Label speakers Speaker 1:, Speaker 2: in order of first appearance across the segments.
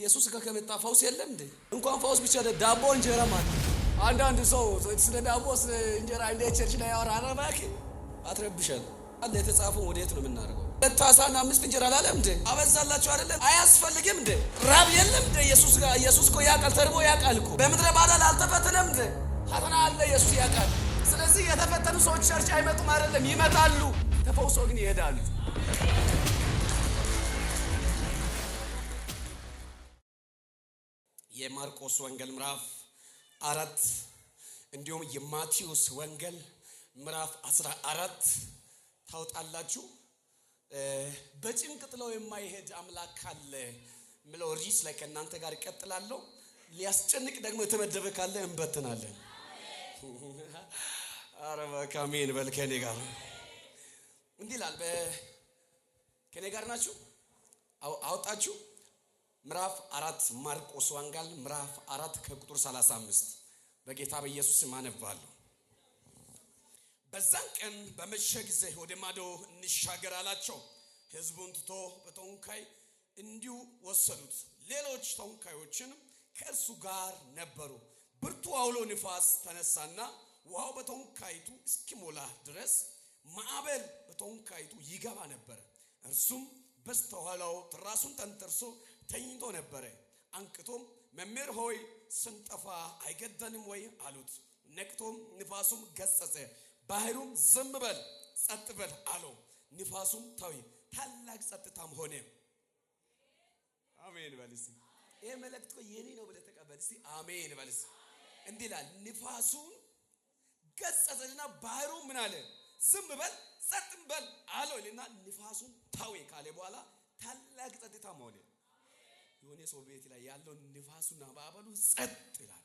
Speaker 1: ኢየሱስ ጋር ከመጣ ፈውስ የለም እንዴ? እንኳን ፈውስ ብቻ ደ ዳቦ እንጀራ ማለት አንዳንድ ሰው ስለ ዳቦ ስለ እንጀራ እንደ ቸርች ላይ ያወራ አረባኪ አትረብሻል። አለ የተጻፈው ወዴት ነው የምናደርገው? ሁለት ዓሳና አምስት እንጀራ ላለም እንዴ? አበዛላችሁ አይደለም? አያስፈልግም እንዴ? ራብ የለም እንዴ? ኢየሱስ ጋር ኢየሱስ እኮ ያውቃል፣ ተርቦ ያውቃል እኮ በምድረ በዳ አልተፈተነም እንዴ? ፈተና አለ፣ ኢየሱስ ያውቃል። ስለዚህ የተፈተኑ ሰዎች ቸርች አይመጡም አይደለም፣ ይመጣሉ። ተፈውሶ ግን ይሄዳሉ። የማርቆስ ወንጌል ምዕራፍ አራት እንዲሁም የማቴዎስ ወንጌል ምዕራፍ አስራ አራት ታውጣላችሁ። በጭንቅ ጥለው የማይሄድ አምላክ አለ ምለው ሪስ ላይ ከእናንተ ጋር እቀጥላለሁ። ሊያስጨንቅ ደግሞ የተመደበ ካለ እንበትናለን። አረባ ካሜን በል ከኔ ጋር እንዲህ ይላል። ከኔ ጋር ናችሁ አውጣችሁ ምዕራፍ አራት ማርቆስ ዋንጋል ምዕራፍ አራት ከቁጥር 35 በጌታ በኢየሱስ ማነባለሁ። በዛን ቀን በመሸ ጊዜ ወደ ማዶ እንሻገር አላቸው። ህዝቡን ትቶ በተወንካይ እንዲሁ ወሰዱት። ሌሎች ተወንካዮችንም ከእርሱ ጋር ነበሩ። ብርቱ አውሎ ንፋስ ተነሳና ውሃው በተወንካይቱ እስኪሞላ ድረስ ማዕበል በተወንካይቱ ይገባ ነበር። እርሱም በስተኋላው ትራሱን ተንተርሶ ተኝቶ ነበረ። አንቅቶም መምህር ሆይ ስንጠፋ አይገደንም ወይ አሉት። ነቅቶም ንፋሱም ገሰጸ፣ ባህሩም ዝም በል ጸጥ በል አለው። ንፋሱም ተወ፣ ታላቅ ጸጥታም ሆነ። አሜን በልስ። እስኪ። ይህ መልእክት የኔ ነው ብለህ ተቀበል እስኪ። አሜን በልስ። እንዲህ ይላል ንፋሱን ገሰጸና ባህሩ ምን አለ? ዝም በል ጸጥ በል አለው ልና ንፋሱን ታዌ ካለ በኋላ ታላቅ ጸጥታም ሆነ። የሆነ ሰው ቤት ላይ ያለው ንፋሱና ባበሉ ጸጥ ይላል።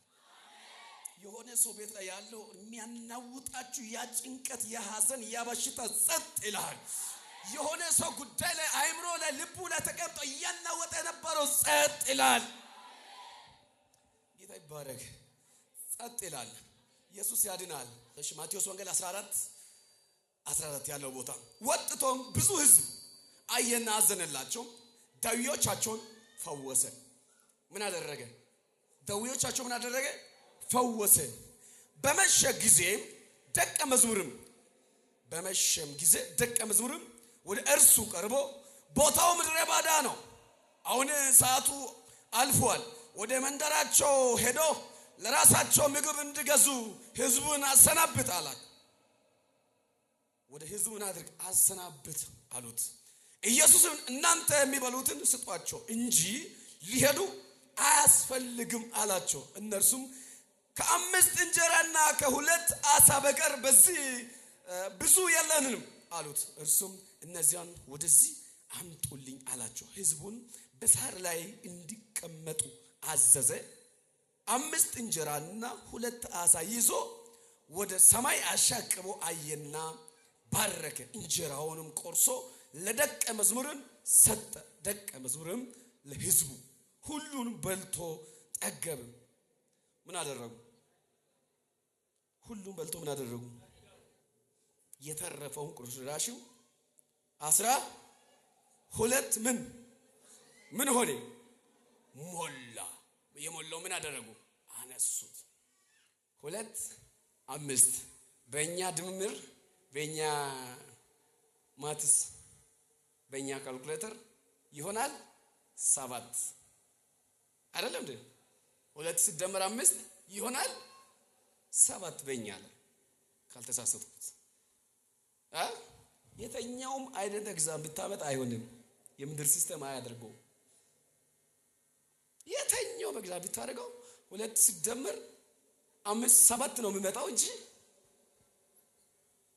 Speaker 1: የሆነ ሰው ቤት ላይ ያለው የሚያናውጣችሁ ያ ጭንቀት፣ ያ ሐዘን፣ ያ በሽታ ጸጥ ይላል። የሆነ ሰው ጉዳይ ላይ አይምሮ ላይ ልቡ ላይ ተቀምጦ እያናወጠ የነበረው ጸጥ ይላል። ጌታ ይባረክ። ጸጥ ይላል። ኢየሱስ ያድናል። እሺ ማቴዎስ ወንጌል 14 14 ያለው ቦታ ወጥቶም ብዙ ህዝብ አየና አዘነላቸው፣ ዳዊዎቻቸውን ፈወሰ። ምን አደረገ? ደዌዎቻቸው ምን አደረገ? ፈወሰ። በመሸ ጊዜም ደቀ መዝሙርም በመሸም ጊዜ ደቀ መዝሙርም ወደ እርሱ ቀርቦ ቦታው ምድረ ባዳ ነው፣ አሁን ሰዓቱ አልፏል፣ ወደ መንደራቸው ሄዶ ለራሳቸው ምግብ እንዲገዙ ህዝቡን አሰናብት አላት። ወደ ህዝቡን አድርግ አሰናብት አሉት። ኢየሱስም እናንተ የሚበሉትን ስጧቸው እንጂ ሊሄዱ አያስፈልግም አላቸው። እነርሱም ከአምስት እንጀራና ከሁለት አሳ በቀር በዚህ ብዙ የለንም አሉት። እርሱም እነዚያን ወደዚህ አምጡልኝ አላቸው። ሕዝቡን በሳር ላይ እንዲቀመጡ አዘዘ። አምስት እንጀራና ሁለት አሳ ይዞ ወደ ሰማይ አሻቅቦ አየና ባረከ። እንጀራውንም ቆርሶ ለደቀ መዝሙርም ሰጠ። ደቀ መዝሙርም ለህዝቡ ሁሉን በልቶ ጠገብ። ምን አደረጉ? ሁሉን በልቶ ምን አደረጉ? የተረፈውን ቁርስራሽው አስራ ሁለት ምን ምን ሆኔ ሞላ። የሞላው ምን አደረጉ? አነሱት። ሁለት አምስት በእኛ ድምምር በእኛ ማትስ በእኛ ካልኩሌተር ይሆናል ሰባት አይደለም እንዴ? ሁለት ሲደመር አምስት ይሆናል ሰባት በእኛ ላይ ካልተሳሰትኩት የተኛውም አይነት ኤግዛም ብታመጥ አይሆንም። የምድር ሲስተም አያደርገው። የተኛው በግዛ ብታደርገው ሁለት ሲደመር አምስት ሰባት ነው የሚመጣው እንጂ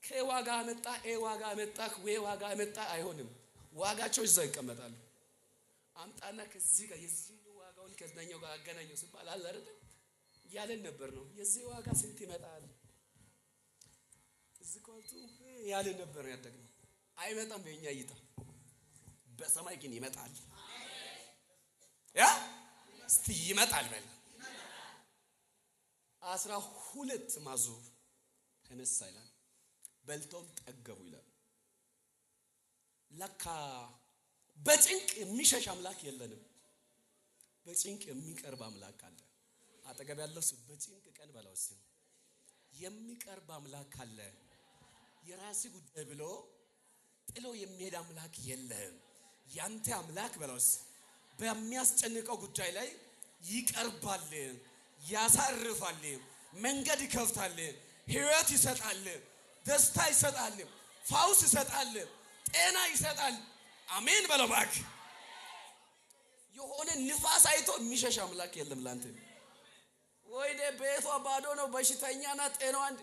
Speaker 1: ከዋጋ መጣ ኤ ዋጋ መጣ ዌ ዋጋ መጣ አይሆንም። ዋጋቸው እዛው ይቀመጣሉ። አምጣና ከዚህ ጋር የዚህ ዋጋውን ከዛኛው ጋር አገናኘው ሲባል አለ አይደል ያለን ነበር ነው። የዚህ ዋጋ ስንት ይመጣል? እዚህ ኮልቱ ያለን ነበር ነው ያደግነው። አይመጣም በእኛ እይታ፣ በሰማይ ግን ይመጣል። ያ እስቲ ይመጣል በል አስራ ሁለት ማዞ ተነሳ ይላል። በልተውም ጠገቡ ይላል ለካ በጭንቅ የሚሸሽ አምላክ የለንም። በጭንቅ የሚቀርብ አምላክ አለ። አጠገብ ያለው እሱ በጭንቅ ቀን በለው እስኪ የሚቀርብ አምላክ አለ። የራስ ጉዳይ ብሎ ጥሎ የሚሄድ አምላክ የለህም። ያንተ አምላክ በለው በሚያስጨንቀው ጉዳይ ላይ ይቀርባል፣ ያሳርፋል፣ መንገድ ይከፍታል፣ ህይወት ይሰጣል፣ ደስታ ይሰጣል፣ ፋውስ ይሰጣል። ጤና ይሰጣል። አሜን በለው እባክህ። የሆነ ንፋስ አይቶ የሚሸሽ አምላክ የለም ላንተ። ወይ ቤቷ ባዶ ነው፣ በሽተኛና ናት፣ አንድ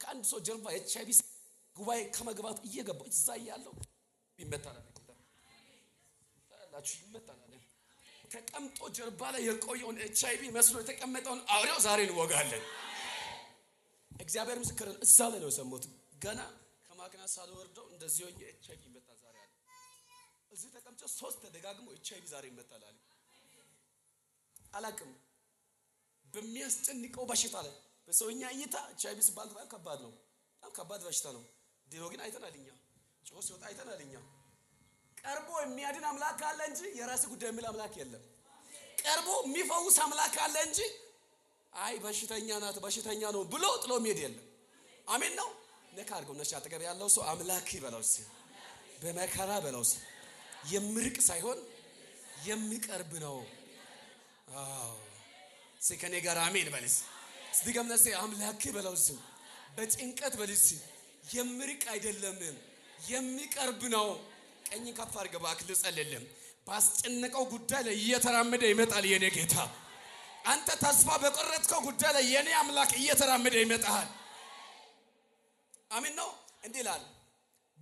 Speaker 1: ከአንድ ሰው ጀርባ ኤች አይ ቪ ጉባኤ ከመግባቱ እየገባ እዛ እያለው ይመጣል። ላችሁ ይመታል። ተቀምጦ ጀርባ ላይ የቆየውን ኤች አይ ቪ መስሎ የተቀመጠውን አውሬው ዛሬ እንወጋለን። እግዚአብሔር ምስክርን እዛ ላይ ነው የሰሙት ገና ማክና ሳልወርደው እንደዚህ ሆኜ ኤች አይቪ ይመጣል ዛሬ አለ። እዚህ ተቀምጬ ሶስት ተደጋግሞ ኤች አይቪ ዛሬ ይመጣል አለ። አላቅም በሚያስጨንቀው በሽታ አለ። በሰውኛ እይታ ኤች አይቪ ሲባል በጣም ከባድ ነው። በጣም ከባድ በሽታ ነው። ድሮ ግን አይተናል እኛ ጮህ ሲወጣ አይተናል እኛ። ቀርቦ የሚያድን አምላክ አለ እንጂ የራስ ጉዳይ የሚል አምላክ የለም። ቀርቦ የሚፈውስ አምላክ አለ እንጂ አይ በሽተኛ ናት በሽተኛ ነው ብሎ ጥሎ የሚሄድ የለም። አሜን ነው። ነካ አርገው ነሽ አጠገብ ያለው ሰው አምላክ ይበለው እስኪ፣ በመከራ በለው እስኪ። የምርቅ ሳይሆን የሚቀርብ ነው። አዎ እስኪ ከኔ ጋር አሜን በልስ እስኪ። እስቲ አምላክ በለው እስኪ። በጭንቀት በልስ እስኪ። የምርቅ አይደለም የሚቀርብ ነው። ቀኝ ከፍ አድርገህ እባክህ ልጸልልህ። ባስጨነቀው ጉዳይ ላይ እየተራመደ ይመጣል የኔ ጌታ። አንተ ተስፋ በቆረጥከው ጉዳይ ላይ የኔ አምላክ እየተራመደ ይመጣል። አሜን ነው። እንዲህ ይላል፣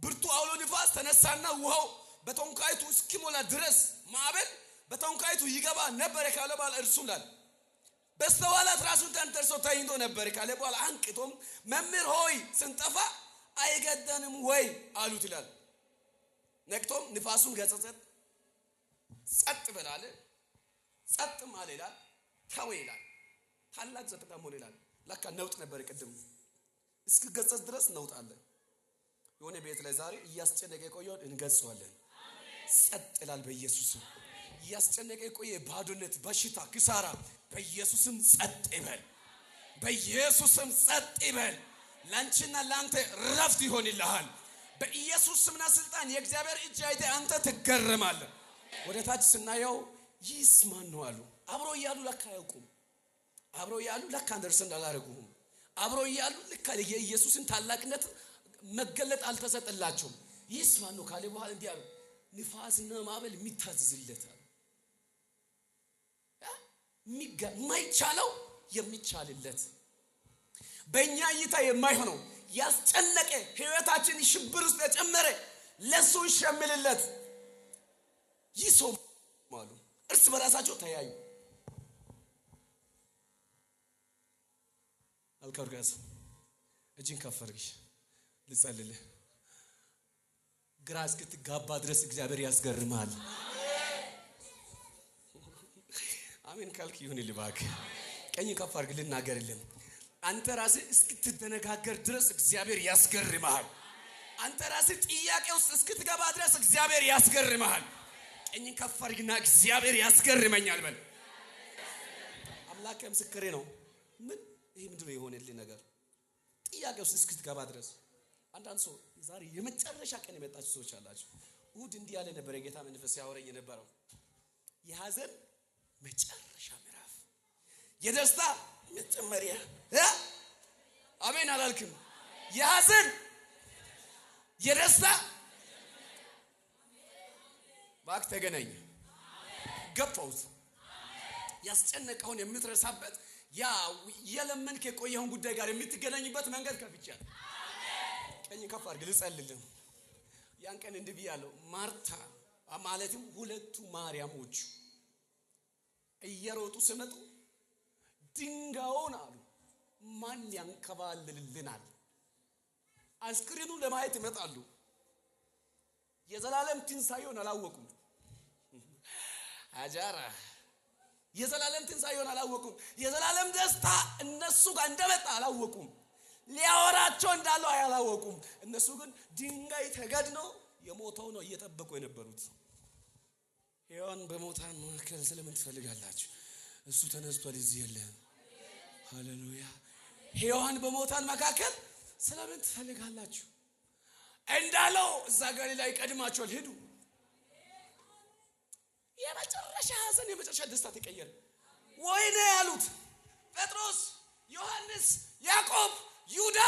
Speaker 1: ብርቱ አውሎ ንፋስ ተነሳና ውሃው በተንኳይቱ እስኪሞላ ድረስ ማዕበል በተንኳይቱ ይገባ ነበር ካለ በኋላ እርሱም ላል በስተኋላት ራሱን ተንተርሶ ተኝቶ ነበር ካለ በኋላ አንቅቶም መምህር ሆይ ስንጠፋ አይገደንም ወይ አሉት ይላል። ነቅቶም ንፋሱን ገሰጸት፣ ጸጥ በላለ ጸጥ ማለ ይላል፣ ተወ ይላል። ታላቅ ጸጥታ ሆነ ይላል። ላካ ነውጥ ነበር ቅድም እስክገጸጽ ድረስ እናውጣለን። የሆነ ቤት ላይ ዛሬ እያስጨነቀ የቆየውን እንገጸዋለን። ጸጥ ይላል በኢየሱስም እያስጨነቀ የቆየ ባዶነት፣ በሽታ፣ ክሳራ በኢየሱስም ጸጥ ይበል። በኢየሱስም ጸጥ ይበል። ለአንቺና ለአንተ ረፍት ይሆንልሃል። በኢየሱስ ስምና ስልጣን የእግዚአብሔር እጅ አይቴ አንተ ትገረማለህ። ወደ ታች ስናየው ይህስ ማን ነው አሉ። አብሮ እያሉ ለካ አያውቁም። አብሮ እያሉ ለካ አንደርስን እንዳላረጉም አብረው እያሉ ልክ የኢየሱስን ታላቅነት መገለጥ አልተሰጠላቸውም። ይህስ ማን ነው ካለ በኋላ እንዲህ አሉ፣ ንፋስና ማዕበል የሚታዘዝለት አሉ። የማይቻለው የሚቻልለት በእኛ እይታ የማይሆነው ያስጨነቀ ህይወታችን ሽብር ውስጥ ተጨመረ ለሱ ይሸምልለት ይህ ሰው አሉ። እርስ በራሳቸው ተያዩ። አልከርጋዝ እጅን ከፍ አድርጊ ግራ እስክትጋባ ድረስ እግዚአብሔር ያስገርማል። አሜን ካልክ ይሁን ልባክ ቀኝ ከፍ አድርግ ልናገርልን። አንተ ራስህ እስክትደነጋገር ድረስ እግዚአብሔር ያስገርምሃል። አንተ ራስህ ጥያቄ ውስጥ እስክትገባ ድረስ እግዚአብሔር ያስገርምሃል። ቀኝ ከፍ አድርግና እግዚአብሔር ያስገርመኛል በል። አምላክ ምስክሬ ነው ምን ይህ ምንድን ነው የሆነልኝ ነገር ጥያቄ ውስጥ እስክትገባ ድረስ አንዳንድ ሰው ዛሬ የመጨረሻ ቀን የመጣችሁ ሰዎች አላቸው። እሁድ እንዲህ ያለ ነበር የጌታ መንፈስ ያወረኝ የነበረው የሀዘን መጨረሻ ምዕራፍ፣ የደስታ መጨመሪያ። አሜን አላልክም? የሀዘን የደስታ ባክ ተገናኝ ገፋውት ያስጨነቀውን የምትረሳበት ያ የለመንክ የቆየውን ጉዳይ ጋር የምትገናኝበት መንገድ ከፍቻል። ቀኝ ከፍ አድርግ ልጸልልም። ያን ቀን እንዲህ ብያለሁ። ማርታ ማለትም ሁለቱ ማርያሞች እየሮጡ ስመጡ ድንጋዩን አሉ ማን ያንከባልልልናል? አስክሬኑን ለማየት ይመጣሉ። የዘላለም ትንሣኤውን አላወቁም አጃራ የዘላለም ትንሣኤውን አላወቁም። የዘላለም ደስታ እነሱ ጋር እንደመጣ አላወቁም። ሊያወራቸው እንዳለው አላወቁም። እነሱ ግን ድንጋይ ተገድኖ የሞተው ነው እየጠበቁ የነበሩት። ሔዋን በሞታን መካከል ስለምን ትፈልጋላችሁ? እሱ ተነስቷል፣ እዚህ የለም። ሃሌሉያ። ሔዋን በሞታን መካከል ስለምን ትፈልጋላችሁ? እንዳለው እዛ ላይ ይቀድማቸዋል፣ ሄዱ የመጨረሻ ሀዘን የመጨረሻ ደስታ ተቀየረ። ወይኔ ያሉት ጴጥሮስ፣ ዮሐንስ፣ ያዕቆብ፣ ይሁዳ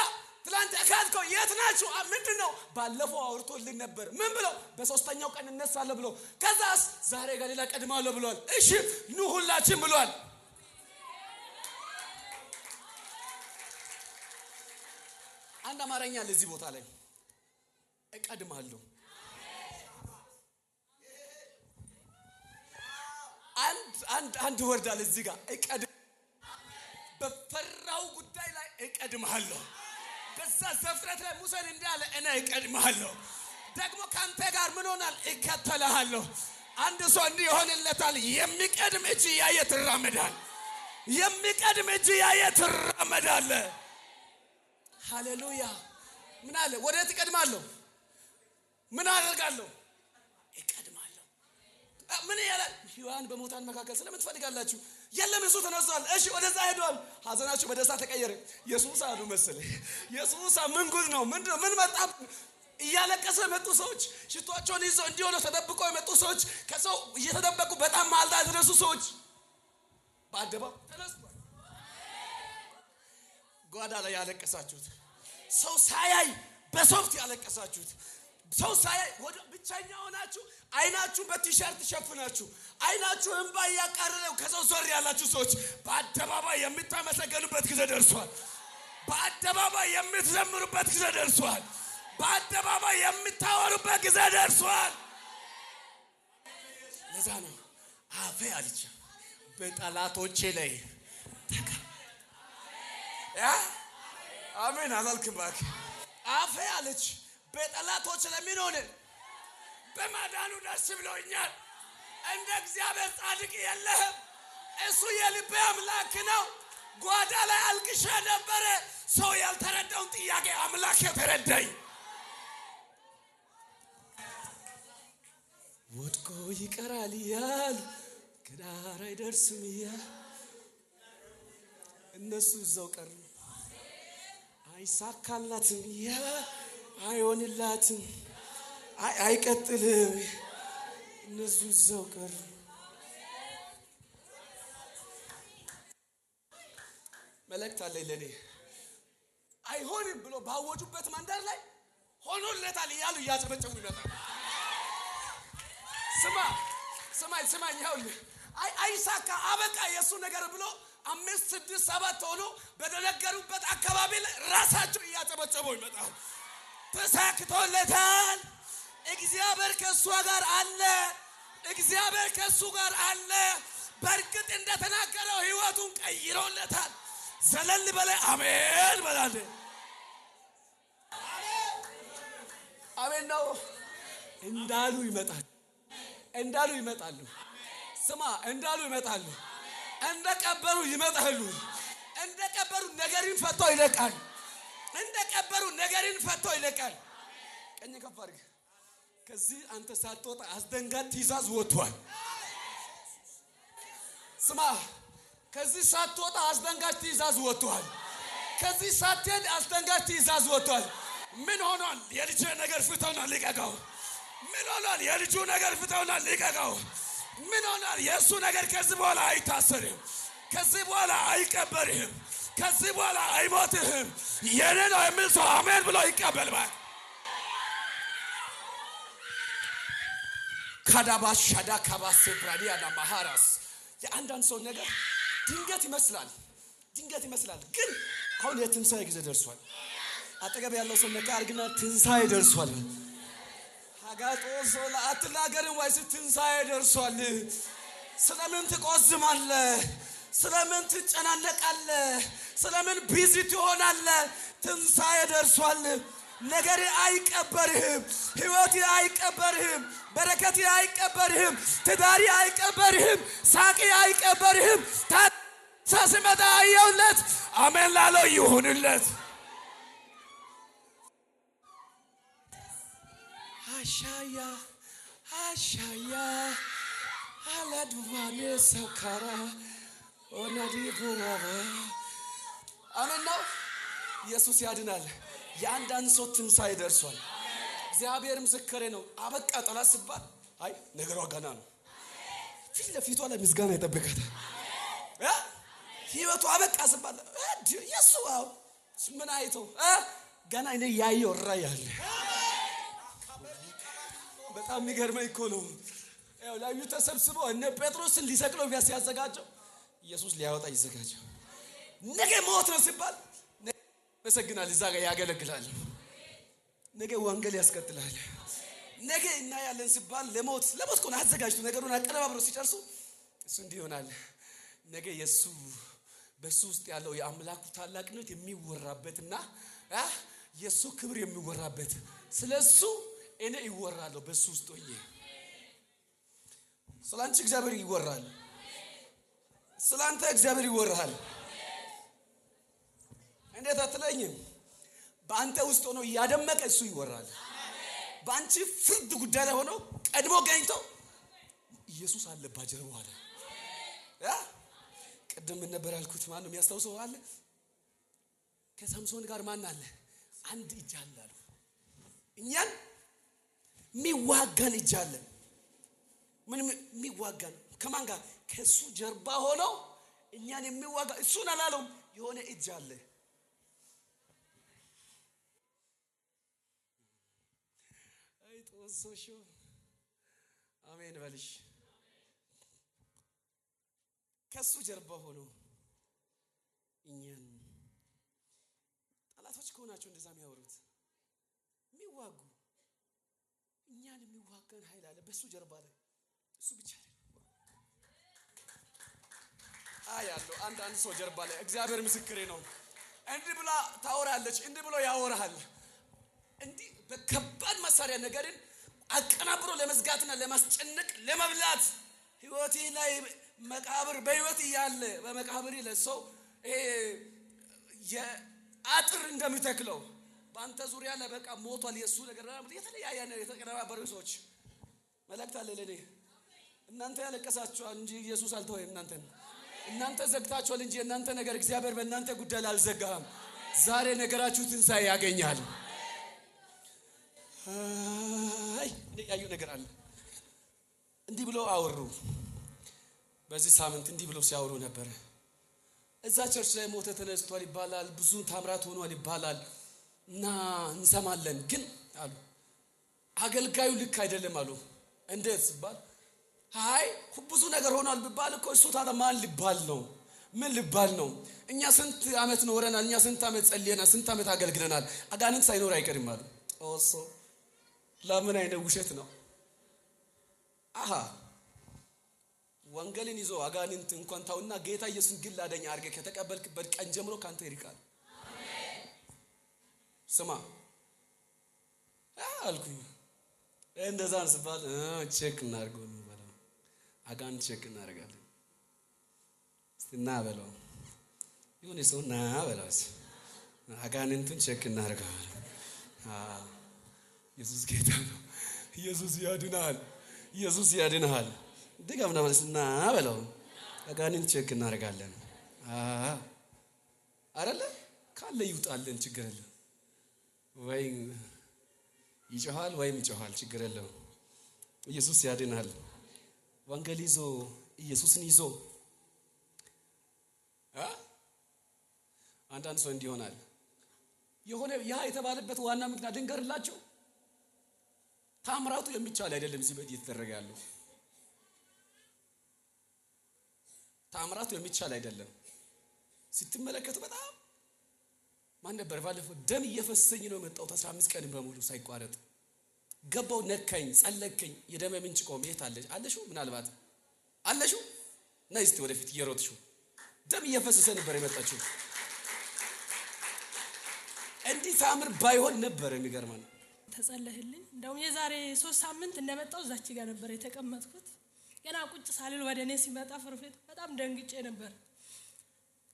Speaker 1: ትላንት ያካትከው የት ናችሁ? ምንድን ነው ባለፈው አውርቶልን ነበር። ምን ብለው በሶስተኛው ቀን እነሳለ ብሎ ከዛስ ዛሬ ቀድም ቀድማለሁ ብሏል። እሺ ኑ ሁላችን ብሏል። አንድ አማርኛ ለዚህ ቦታ ላይ እቀድማለሁ አንድ አንድ ወርዳል እዚህ ጋር እቀድም በፈራው ጉዳይ ላይ እቀድምሃለሁ። በዛ ዘፍጥረት ላይ ሙሴን እንዳለ እኔ እቀድምሃለሁ፣ ደግሞ ከአንተ ጋር ምን ሆናል እከተልሃለሁ። አንድ ሰው እንዲህ ይሆንለታል። የሚቀድም እጅ እያየ ትራመዳል። የሚቀድም እጅ እያየ ትራመዳለ። ሃሌሉያ። ምን አለ? ወደ ትቀድማለሁ። ምን አደርጋለሁ? ምን ያለ ሕያዋን በሞታን መካከል ስለምን ትፈልጋላችሁ? የለም እሱ ተነስቷል። እሺ ወደዛ ሄዷል። ሀዘናችሁ በደስታ ተቀየረ። ኢየሱስ አሉ መሰለ። ኢየሱስ ምን ጉድ ነው? ምን ምን መጣ? እያለቀሰ የመጡ ሰዎች፣ ሽቷቸውን ይዘው እንዲሆነ ተደብቆ የመጡ ሰዎች፣ ከሰው እየተደበቁ በጣም ማልዳ የተነሱ ሰዎች በአደባባይ ተነስቷል። ጓዳ ላይ ያለቀሳችሁት ሰው ሳያይ በሶፍት ያለቀሳችሁት ሰው ሳያይ ብቻኛ ሆናችሁ አይናችሁን በቲሸርት ሸፍናችሁ አይናችሁ እንባ እያቃረለው ከሰው ዞር ያላችሁ ሰዎች በአደባባይ የምታመሰገኑበት ጊዜ ደርሷል። በአደባባይ የምትዘምሩበት ጊዜ ደርሷል። በአደባባይ የምታወሩበት ጊዜ ደርሷል። ለዛ ነው አፌ አልች በጠላቶቼ ላይ አሜን አላልክም። እባክህ አፌ አለች በጠላቶች ስለሚኖንን በማዳኑ ደስ ብሎኛል። እንደ እግዚአብሔር ጻድቅ የለህም። እሱ የልቤ አምላክ ነው። ጓዳ ላይ አልቅሼ ነበረ። ሰው ያልተረዳውን ጥያቄ አምላክ የተረዳኝ ወድቆ ይቀራል እያሉ ከዳር አይደርስም እያሉ እነሱ እዛው ቀሩ አይሳካላትም እያሉ አይሆንላትም፣ አይቀጥልም። እነዙ እዛው ቀሩ። መልእክት አለኝ ለእኔ። አይሆንም ብሎ ባወጁበት መንደር ላይ ሆኖለታል እያሉ እያጨበጨቡ ይመጣል። ስማ ስማኝ ስማኝ፣ ይኸውልህ አይሳካ አበቃ የእሱ ነገር ብሎ አምስት ስድስት ሰባት ሆኖ በተነገሩበት አካባቢ ላይ ራሳቸው እያጨበጨበው ይመጣል። ተሳክቶለታል። እግዚአብሔር ከእሷ ጋር አለ። እግዚአብሔር ከእሱ ጋር አለ። በእርግጥ እንደተናገረው ህይወቱን ቀይሮለታል። ዘለል በለ አሜን በላለ አሜን ነው እንዳሉ ይመጣል እንዳሉ ይመጣሉ። ስማ እንዳሉ ይመጣሉ። እንደቀበሩ ይመጣሉ። እንደቀበሩ ነገርን ፈቶ ይለቃል። እንደ ቀበሩ ነገርን ፈቶ ይለቃል። ቀኝ ከፍ አድርግ። ከዚህ አንተ ሳትወጣ አስደንጋጭ ትእዛዝ ወጥቷል። ስማ፣ ከዚህ ሳትወጣ አስደንጋጭ ትእዛዝ ወጥቷል። ከዚህ ሳትሄድ አስደንጋጭ ትእዛዝ ወጥቷል። ምን ሆኗል? የልጅ ነገር ፍተውና ሊቀቀው። ምን ሆኗል? የልጁ ነገር ፍተውና ሊቀቀው። ምን ሆኗል? የእሱ ነገር ከዚህ በኋላ አይታሰርም። ከዚህ በኋላ አይቀበርህም። ከዚህ በኋላ አይሞትህም የኔ ነው የሚል ሰው አሜን ብሎ ይቀበል። ባል ካዳባ ሻዳ ካባሴ ብራዲያ ማሃራስ የአንዳንድ ሰው ነገር ድንገት ይመስላል፣ ድንገት ይመስላል። ግን አሁን የትንሣኤ ጊዜ ደርሷል። አጠገብ ያለው ሰው ነካ አድርግና ትንሣኤ ደርሷል። ሀጋጦ አጋጦሶ ለአትናገር ወይስ ትንሣኤ ደርሷል። ስለምን ትቆዝማለህ? ስለምን ትጨናነቃለ ስለምን ቢዚ ትሆናለህ? ትንሣኤ ደርሷል። ነገር አይቀበርህም፣ ሕይወት አይቀበርህም፣ በረከት አይቀበርህም፣ ትዳሪ አይቀበርህም፣ ሳቂ አይቀበርህም። ሳስመጣ አየውለት አሜን ላለው ይሁንለት። አሻያ አሻያ አላድዋኔ ሰካራ ወዲህ አመን ነው። ኢየሱስ ያድናል። የአንድ አንሶ ትንሣኤ ደርሷል። እግዚአብሔር ምስክሬ ነው። አበቃ ጠላት ስባል አይ ነገሯ ገና ነው። ፊት ለፊቷ ላይ ምስጋና ይጠብቃታል። ህይወቱ አበቃ ስባል የሱ ምን አይተው ገና እኔ ያየው ራ ያለ በጣም የሚገርመኝ እኮ ነው። ላዩ ተሰብስበው እነ ጴጥሮስን ሊሰቅለው ሲያዘጋጀው ኢየሱስ ሊያወጣ ይዘጋጀ። ነገ ሞት ነው ሲባል መሰግናል። እዛ ጋር ያገለግላል። ነገ ወንጌል ያስቀጥላል። ነገ እና ያለን ሲባል ለሞት ለሞት ከሆነ አዘጋጅቶ ነገሩን አቀነባብረው ሲጨርሱ እሱ እንዲህ ይሆናል። ነገ የእሱ በእሱ ውስጥ ያለው የአምላኩ ታላቅነት የሚወራበትና የእሱ ክብር የሚወራበት ስለ እሱ እኔ ይወራለሁ። በእሱ ውስጥ ሆኜ ስለ አንቺ እግዚአብሔር ይወራል። ስለ አንተ እግዚአብሔር ይወራሃል። እንዴት አትለኝም? በአንተ ውስጥ ሆኖ እያደመቀ እሱ ይወራል። በአንቺ ፍርድ ጉዳይ ላይ ሆኖ ቀድሞ ገኝቶ ኢየሱስ አለ ባጀርባው አለ። ቅድም ምን ነበር ያልኩት? ማን ነው የሚያስታውሰው? አለ ከሳምሶን ጋር ማን አለ? አንድ እጅ አለ አሉ። እኛን የሚዋጋን እጅ አለ። ምን የሚዋጋን ከማን ጋር ከእሱ ጀርባ ሆኖ እኛን የሚዋጋ እሱን አላለውም የሆነ እጅ አለ አይ ጦሶሽ አሜን በልሽ ከእሱ ጀርባ ሆኖ እኛን ጠላቶች ከሆናቸው እንደዛ የሚያወሩት የሚዋጉ እኛን የሚዋጋን ኃይል አለ በእሱ ጀርባ ላይ እሱ ብቻ አያለሁ። አንዳንድ ሰው ጀርባ ላይ እግዚአብሔር ምስክሬ ነው። እንዲህ ብላ ታወራለች፣ እንዲህ ብሎ ያወራል እንዲህ በከባድ መሳሪያ ነገርን አቀናብሮ ለመዝጋትና ለማስጨነቅ ለመብላት ህይወቴ ላይ መቃብር በህይወት እያለ በመቃብር ለሰው አጥር እንደሚተክለው በአንተ ዙሪያ ላይ በቃ ሞቷል። የእሱ ነገር የተለያየ የተቀነባበሩ ሰዎች መልእክት አለ ለእኔ እናንተ ያለቀሳችኋል እንጂ ኢየሱስ አልተወይም እናንተን እናንተ ዘግታችኋል እንጂ የእናንተ ነገር እግዚአብሔር በእናንተ ጉዳይ አልዘጋም። ዛሬ ነገራችሁ ትንሣኤ ያገኛል። ያዩ ነገር አለ። እንዲህ ብሎ አወሩ። በዚህ ሳምንት እንዲህ ብሎ ሲያወሩ ነበረ። እዛ ቸርች ላይ ሞተ ተነስቷል ይባላል፣ ብዙ ታምራት ሆኗል ይባላል እና እንሰማለን ግን አሉ አገልጋዩ ልክ አይደለም አሉ። እንዴት ሲባል አይ ብዙ ነገር ሆኗል ብባል እኮ እሱ ታዲያ ማን ልባል ነው? ምን ልባል ነው? እኛ ስንት ዓመት ኖረናል። እኛ ስንት ዓመት ጸልየናል። ስንት ዓመት አገልግለናል። አጋንንት ሳይኖር አይቀርም አሉ። ኦሶ ለምን አይነት ውሸት ነው? አሀ ወንጌልን ይዞ አጋንንት እንኳን ታውና ጌታ ኢየሱስን ግል አዳኝ አድርገህ ከተቀበልክበት ቀን ጀምሮ ካንተ ይርቃል። ስማ አልኩኝ እንደዛን ስባል ቼክ እናድርገው አጋንንት ቼክ እናደርጋለን። ና በለው ይሁን ሰው ና በለው አጋንንቱን ቼክ እናደርገዋል። ኢየሱስ ጌታ ነው። ኢየሱስ ያድናል። ኢየሱስ ያድናል። ድጋም ለማለት ና በለው አጋንንት ቼክ እናደርጋለን። አረለ ካለ ይውጣለን። ችግር የለም ወይም ይጮኋል ወይም ይጮኋል። ችግር የለም። ኢየሱስ ያድናል። ወንጌል ይዞ ኢየሱስን ይዞ አንዳንድ ሰው ይሆናል የሆነ ያ የተባለበት ዋና ምክንያት ድንገርላቸው ታምራቱ የሚቻል አይደለም። እዚህ በዚህ እየተደረገ ያለው ታምራቱ የሚቻል አይደለም። ስትመለከቱ በጣም ማን ነበር ባለፈው ደም እየፈሰኝ ነው የመጣሁት አስራ አምስት ቀን በሙሉ ሳይቋረጥ ገባው ነካኝ፣ ጸለከኝ፣ የደመ ምንጭ ቆሜ የት አለሽ አለሹ? ምናልባት አለሹ ነይ እስቲ ወደፊት እየሮጥሹ ደም እየፈሰሰ ነበር የመጣችው። እንዲህ ታምር ባይሆን ነበር የሚገርመን።
Speaker 2: ተጸለህልኝ። እንደውም የዛሬ ሶስት ሳምንት እንደመጣው እዛች ጋር ነበር የተቀመጥኩት። ገና ቁጭ ሳልል ወደ እኔ ሲመጣ ፍርፍት በጣም ደንግጬ ነበር፣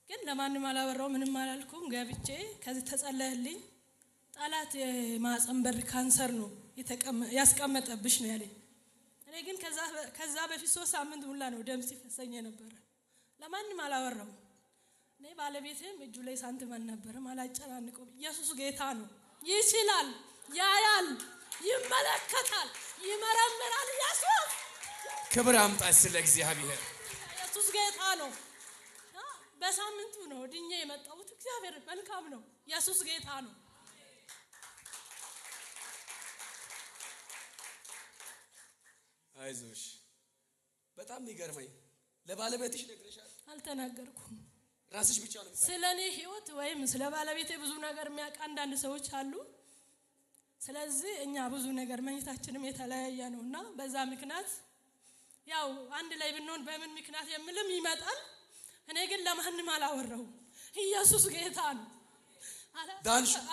Speaker 2: ግን ለማንም አላበራው ምንም አላልኩም። ገብቼ ከዚህ ተጸለህልኝ። ጠላት የማህፀን በር ካንሰር ነው ያስቀመጠብሽ ነው ያለኝ። እኔ ግን ከዛ በፊት ሶስት ሳምንት ሙላ ነው ደም ሲፈሰኝ ነበረ። ለማንም አላወራውም። እኔ ባለቤትም እጁ ላይ ሳንትም አልነበረም። አላጨናንቀውም። ኢየሱስ ጌታ ነው። ይችላል፣ ያያል፣ ይመለከታል፣ ይመረምራል። ኢየሱስ
Speaker 1: ክብር አምጣ ስለ እግዚአብሔር
Speaker 2: ኢየሱስ ጌታ ነው። በሳምንቱ ነው ድኛ የመጣሁት። እግዚአብሔር መልካም ነው። ኢየሱስ ጌታ ነው።
Speaker 1: አይዞሽ። በጣም ይገርመኝ። ለባለቤትሽ ነግረሻል?
Speaker 2: አልተናገርኩም። ራስሽ ብቻ ነው። ስለ እኔ ህይወት ወይም ስለ ባለቤቴ ብዙ ነገር የሚያውቅ አንዳንድ ሰዎች አሉ። ስለዚህ እኛ ብዙ ነገር መኝታችንም የተለያየ ነው እና በዛ ምክንያት ያው አንድ ላይ ብንሆን በምን ምክንያት የምልም ይመጣል። እኔ ግን ለማንም አላወራውም። ኢየሱስ ጌታ ነው።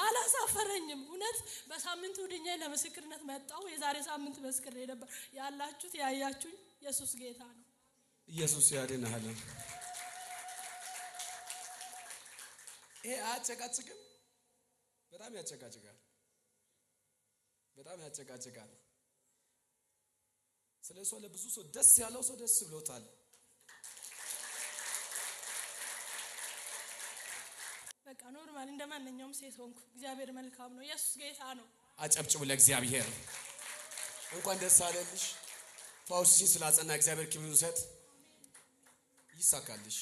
Speaker 2: አላሳፈረኝም። እውነት በሳምንቱ ድኛ ለምስክርነት መጣው። የዛሬ ሳምንት መስክሬ ነበር። ያላችሁት ያያችሁኝ፣ ኢየሱስ ጌታ ነው።
Speaker 1: ኢየሱስ ያድናል። ይሄ አያጨቃጭቅም? በጣም ያጨቃጭቃል። በጣም ያጨቃጭቃል። ስለ ሰው ለብዙ ሰው ደስ ያለው ሰው ደስ ብሎታል።
Speaker 2: በቃ ኖርማል እንደ ማንኛውም ሴት ሆንኩ። እግዚአብሔር መልካም ነው። ኢየሱስ ጌታ ነው።
Speaker 1: አጨብጭቡ ለእግዚአብሔር። እንኳን ደስ አለልሽ። ፋውስሽን ስላጸና እግዚአብሔር ክብር ይውሰድ። ይሳካልሽ።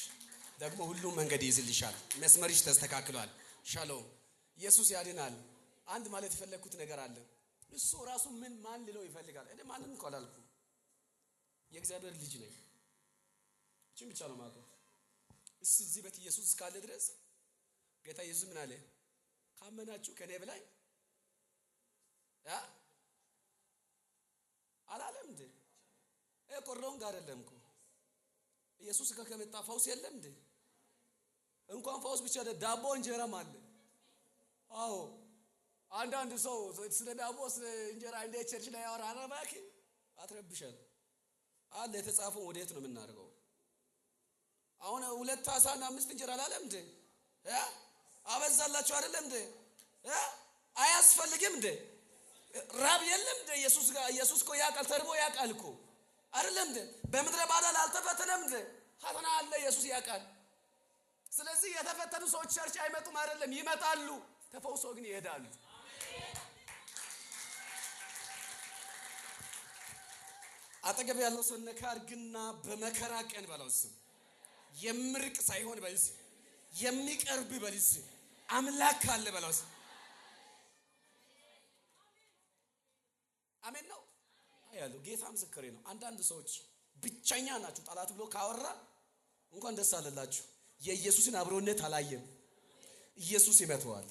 Speaker 1: ደግሞ ሁሉም መንገድ ይይዝልሻል። መስመርሽ ተስተካክሏል። ሻሎም። ኢየሱስ ያድናል። አንድ ማለት የፈለግኩት ነገር አለ። እሱ ራሱ ምን ማን ልለው ይፈልጋል? እኔ ማንም እኮ አላልኩ። የእግዚአብሔር ልጅ ነኝ። እችን ብቻ ነው ማለት ነው። እዚህ ቤት ኢየሱስ እስካለ ድረስ ጌታ ኢየሱስ ምን አለ? ካመናችሁ ከኔ በላይ አላለም እንዴ? ቆረውን ጋር አይደለም እኮ ኢየሱስ ከመጣ ፈውስ የለም እንዴ? እንኳን ፈውስ ብቻ ዳቦ እንጀራም አለ። አዎ አንዳንድ ሰው ስለ ዳቦ ስለ እንጀራ እንደ ቸርች ላይ ያወራ አረባኪ አትረብሻል አለ። የተጻፈው ወዴት ነው የምናደርገው? አሁን ሁለት አሳና አምስት እንጀራ አላለም እንዴ? አበዛላችሁ አይደለም እንዴ? አያስፈልግም እንዴ? ራብ የለም እንዴ? ኢየሱስ ጋር ኢየሱስ እኮ ያውቃል፣ ተርቦ ያውቃል እኮ አይደለም እንዴ? በምድረ በዳ አልተፈተነም እንዴ? ፈተና አለ፣ ኢየሱስ ያውቃል። ስለዚህ የተፈተኑ ሰዎች ቸርች አይመጡም አይደለም፣ ይመጣሉ። ተፈውሶ ግን ይሄዳሉ። አጠገብ ያለው ሰው ነካር አድርግና በመከራ ቀን በለው የምርቅ ሳይሆን በልስ የሚቀርብ በልስ አምላክ አለ በለው። አሜን ነው ያለው። ጌታ ምስክሬ ነው። አንዳንድ ሰዎች ብቸኛ ናችሁ ጠላት ብሎ ካወራ እንኳን ደስ አለላችሁ። የኢየሱስን አብሮነት አላየም። ኢየሱስ ይመተዋል።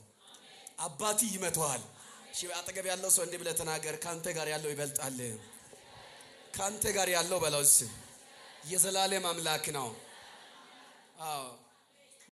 Speaker 1: አባቲ ይመተዋል። እሺ አጠገብ ያለው ሰው እንዲህ ብለህ ተናገር፣ ካንተ ጋር ያለው ይበልጣል። ካንተ ጋር ያለው በለውስ የዘላለም አምላክ ነው። አዎ